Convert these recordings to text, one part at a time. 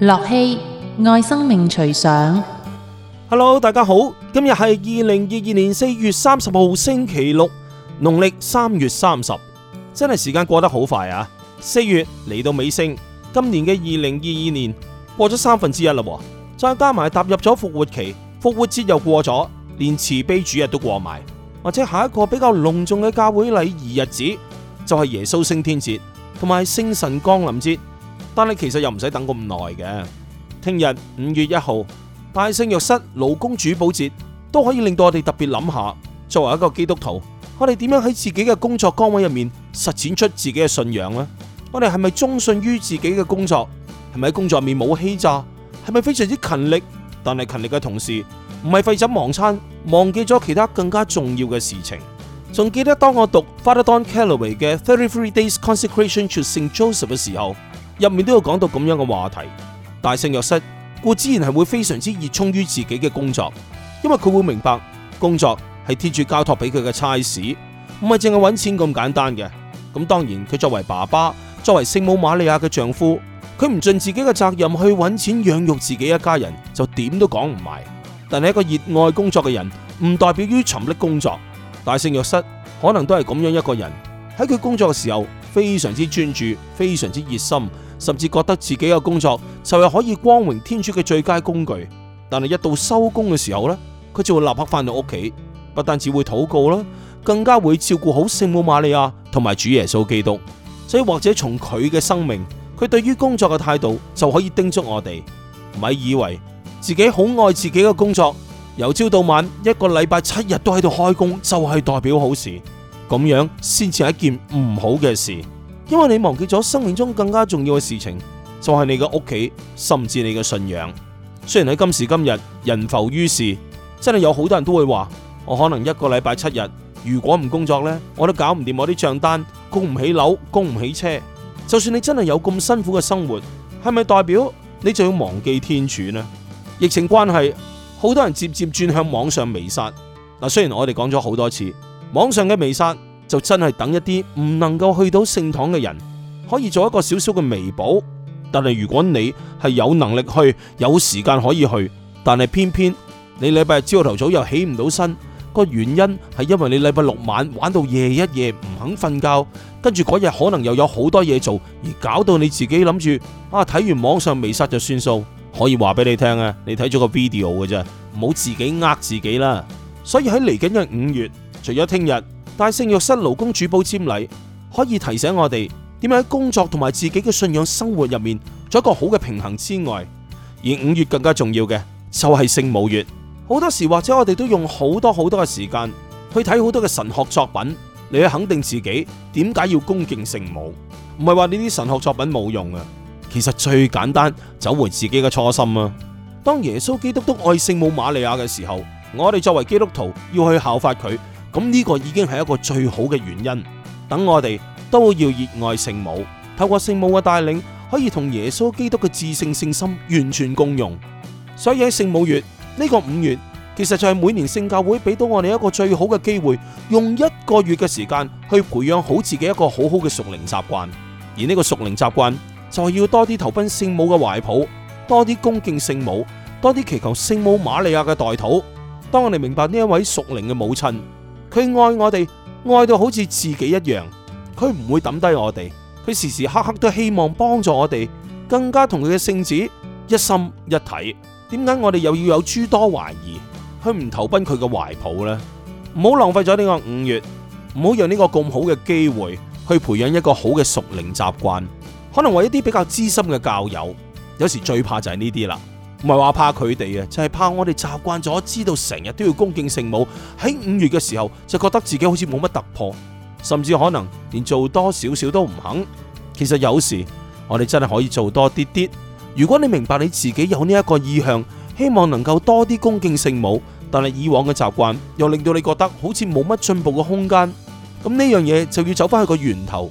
樂器愛生命隨想，Hello，大家好，今日係二零二二年四月三十號星期六，農曆三月三十，真係時間過得好快啊！四月嚟到尾聲，今年嘅二零二二年過咗三分之一啦，再加埋踏入咗復活期，復活節又過咗，連慈悲主日都過埋，或者下一個比較隆重嘅教會禮儀日子就係耶穌升天節，同埋聖神光臨節。但係其實又唔使等咁耐嘅。聽日五月一號大聖約瑟勞工主保節都可以令到我哋特別諗下，作為一個基督徒，我哋點樣喺自己嘅工作崗位入面實踐出自己嘅信仰呢？我哋係咪忠信於自己嘅工作？係咪喺工作入面冇欺詐？係咪非常之勤力？但係勤力嘅同時唔係廢寢忘餐，忘記咗其他更加重要嘅事情？仲記得當我讀 Father Don Calloway 嘅 Thirty Three Days Consecration to Saint Joseph 嘅時候。入面都有講到咁樣嘅話題，大聖若瑟固然係會非常之熱衷於自己嘅工作，因為佢會明白工作係貼住交託俾佢嘅差事，唔係淨係揾錢咁簡單嘅。咁當然佢作為爸爸，作為聖母瑪利亞嘅丈夫，佢唔盡自己嘅責任去揾錢養育自己一家人，就點都講唔埋。但係一個熱愛工作嘅人，唔代表於沉溺工作。大聖若瑟可能都係咁樣一個人，喺佢工作嘅時候非常之專注，非常之熱心。甚至覺得自己嘅工作就係可以光榮天主嘅最佳工具，但係一到收工嘅時候呢，佢就會立刻翻到屋企，不單只會禱告啦，更加會照顧好聖母瑪利亞同埋主耶穌基督。所以或者從佢嘅生命，佢對於工作嘅態度就可以叮囑我哋：唔係以為自己好愛自己嘅工作，由朝到晚一個禮拜七日都喺度開工，就係代表好事，咁樣先至係一件唔好嘅事。因為你忘記咗生命中更加重要嘅事情，就係、是、你嘅屋企，甚至你嘅信仰。雖然喺今時今日，人浮於事，真係有好多人都會話：我可能一個禮拜七日，如果唔工作呢，我都搞唔掂我啲賬單，供唔起樓，供唔起車。就算你真係有咁辛苦嘅生活，係咪代表你就要忘記天主呢？疫情關係，好多人接接轉向網上彌撒。嗱，雖然我哋講咗好多次，網上嘅彌撒。就真係等一啲唔能夠去到聖堂嘅人，可以做一個少少嘅彌補。但係如果你係有能力去，有時間可以去，但係偏偏你禮拜日朝頭早又起唔到身，個原因係因為你禮拜六晚玩到夜一夜唔肯瞓覺，跟住嗰日可能又有好多嘢做，而搞到你自己諗住啊睇完網上彌撒就算數。可以話俾你聽啊，你睇咗個 video 嘅啫，唔好自己呃自己啦。所以喺嚟緊嘅五月，除咗聽日。但聖若瑟勞工主保簽禮，可以提醒我哋點樣喺工作同埋自己嘅信仰生活入面，做一個好嘅平衡之外，而五月更加重要嘅就係聖母月。好多時或者我哋都用好多好多嘅時間去睇好多嘅神學作品嚟去肯定自己，點解要恭敬聖母？唔係話呢啲神學作品冇用啊！其實最簡單，走回自己嘅初心啊！當耶穌基督都愛聖母瑪利亞嘅時候，我哋作為基督徒要去效法佢。咁呢個已經係一個最好嘅原因。等我哋都要熱愛聖母，透過聖母嘅帶領，可以同耶穌基督嘅至聖聖心完全共融。所以喺聖母月呢個五月，其實就係每年聖教會俾到我哋一個最好嘅機會，用一個月嘅時間去培養好自己一個好好嘅屬靈習慣。而呢個屬靈習慣就係要多啲投奔聖母嘅懷抱，多啲恭敬聖母，多啲祈求聖母瑪利亞嘅代禱。當我哋明白呢一位屬靈嘅母親。佢愛我哋，愛到好似自己一樣。佢唔會抌低我哋，佢時時刻刻都希望幫助我哋，更加同佢嘅聖子一心一體。點解我哋又要有諸多懷疑？佢唔投奔佢嘅懷抱呢？唔好浪費咗呢個五月，唔好讓呢個咁好嘅機會去培養一個好嘅熟齡習慣。可能為一啲比較資深嘅教友，有時最怕就係呢啲啦。唔係話怕佢哋啊，就係怕我哋習慣咗，知道成日都要恭敬聖母，喺五月嘅時候就覺得自己好似冇乜突破，甚至可能連做多少少都唔肯。其實有時我哋真係可以做多啲啲。如果你明白你自己有呢一個意向，希望能夠多啲恭敬聖母，但係以往嘅習慣又令到你覺得好似冇乜進步嘅空間，咁呢樣嘢就要走翻去個源頭。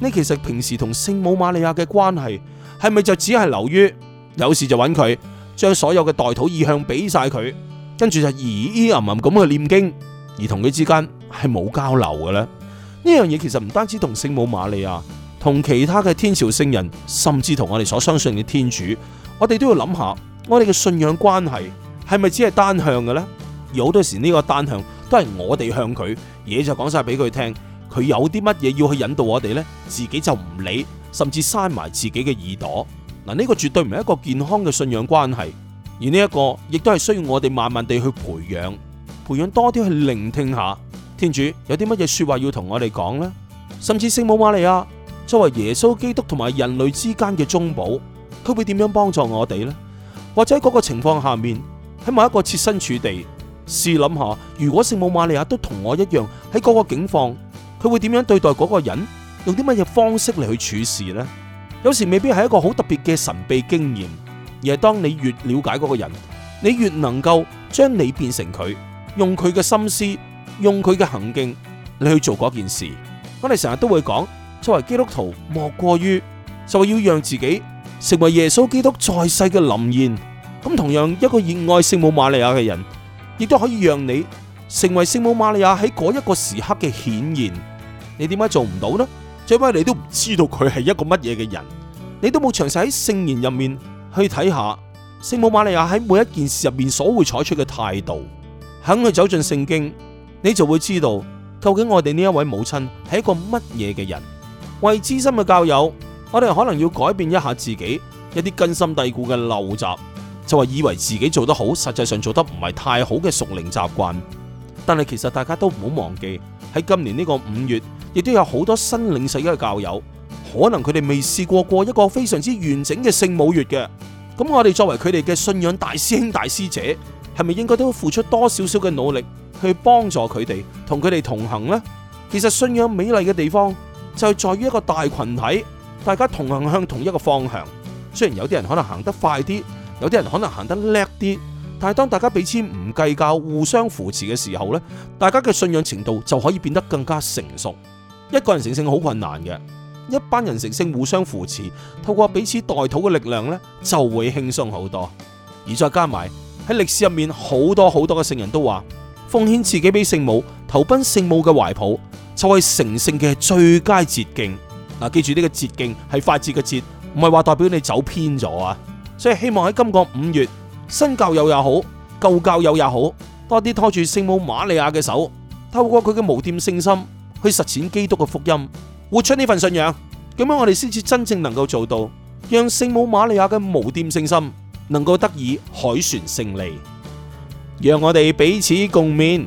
呢其實平時同聖母瑪利亞嘅關係係咪就只係留於有事就揾佢？將所有嘅代禱意向俾晒佢，跟住就咿咿吟吟咁去念經，而同佢之間係冇交流嘅咧。呢樣嘢其實唔單止同聖母瑪利亞、同其他嘅天朝聖人，甚至同我哋所相信嘅天主，我哋都要諗下，我哋嘅信仰關係係咪只係單向嘅呢？有好多時呢個單向都係我哋向佢嘢，就講晒俾佢聽，佢有啲乜嘢要去引導我哋呢？自己就唔理，甚至塞埋自己嘅耳朵。嗱，呢個絕對唔係一個健康嘅信仰關係，而呢一個亦都係需要我哋慢慢地去培養，培養多啲去聆聽下，天主有啲乜嘢說話要同我哋講呢？甚至聖母瑪利亞作為耶穌基督同埋人類之間嘅中保，佢會點樣幫助我哋呢？或者嗰個情況下面，喺某一個設身處地，試諗下，如果聖母瑪利亞都同我一樣喺嗰個境況，佢會點樣對待嗰個人，用啲乜嘢方式嚟去處事呢？有時未必係一個好特別嘅神秘經驗，而係當你越了解嗰個人，你越能夠將你變成佢，用佢嘅心思，用佢嘅行徑，你去做嗰件事。我哋成日都會講，作為基督徒，莫過於就要讓自己成為耶穌基督在世嘅臨現。咁同樣，一個熱愛聖母瑪利亞嘅人，亦都可以讓你成為聖母瑪利亞喺嗰一個時刻嘅顯現。你點解做唔到呢？最尾你都唔知道佢係一個乜嘢嘅人。你都冇詳細喺聖言入面去睇下聖母瑪利亞喺每一件事入面所會採取嘅態度，肯去走進聖經，你就會知道究竟我哋呢一位母親係一個乜嘢嘅人。為資深嘅教友，我哋可能要改變一下自己一啲根深蒂固嘅陋習，就係以為自己做得好，實際上做得唔係太好嘅熟齡習慣。但係其實大家都唔好忘記喺今年呢個五月，亦都有好多新領洗嘅教友。可能佢哋未試過過一個非常之完整嘅聖母月嘅，咁我哋作為佢哋嘅信仰大師兄大師姐，係咪應該都會付出多少少嘅努力去幫助佢哋，同佢哋同行呢？其實信仰美麗嘅地方就係在於一個大群體，大家同行向同一個方向。雖然有啲人可能行得快啲，有啲人可能行得叻啲，但係當大家彼此唔計較、互相扶持嘅時候咧，大家嘅信仰程度就可以變得更加成熟。一個人成聖好困難嘅。一班人成聖互相扶持，透過彼此代禱嘅力量呢，就會輕鬆好多。而再加埋喺歷史入面，好多好多嘅聖人都話奉獻自己俾聖母，投奔聖母嘅懷抱，就係、是、成聖嘅最佳捷徑。嗱、啊，記住呢、這個捷徑係快捷嘅捷，唔係話代表你走偏咗啊！所以希望喺今個五月，新教友也好，舊教友也好，多啲拖住聖母瑪利亞嘅手，透過佢嘅無玷聖心去實踐基督嘅福音。活出呢份信仰，咁樣我哋先至真正能夠做到，讓聖母瑪利亞嘅無玷聖心能夠得以凱旋勝利，讓我哋彼此共勉。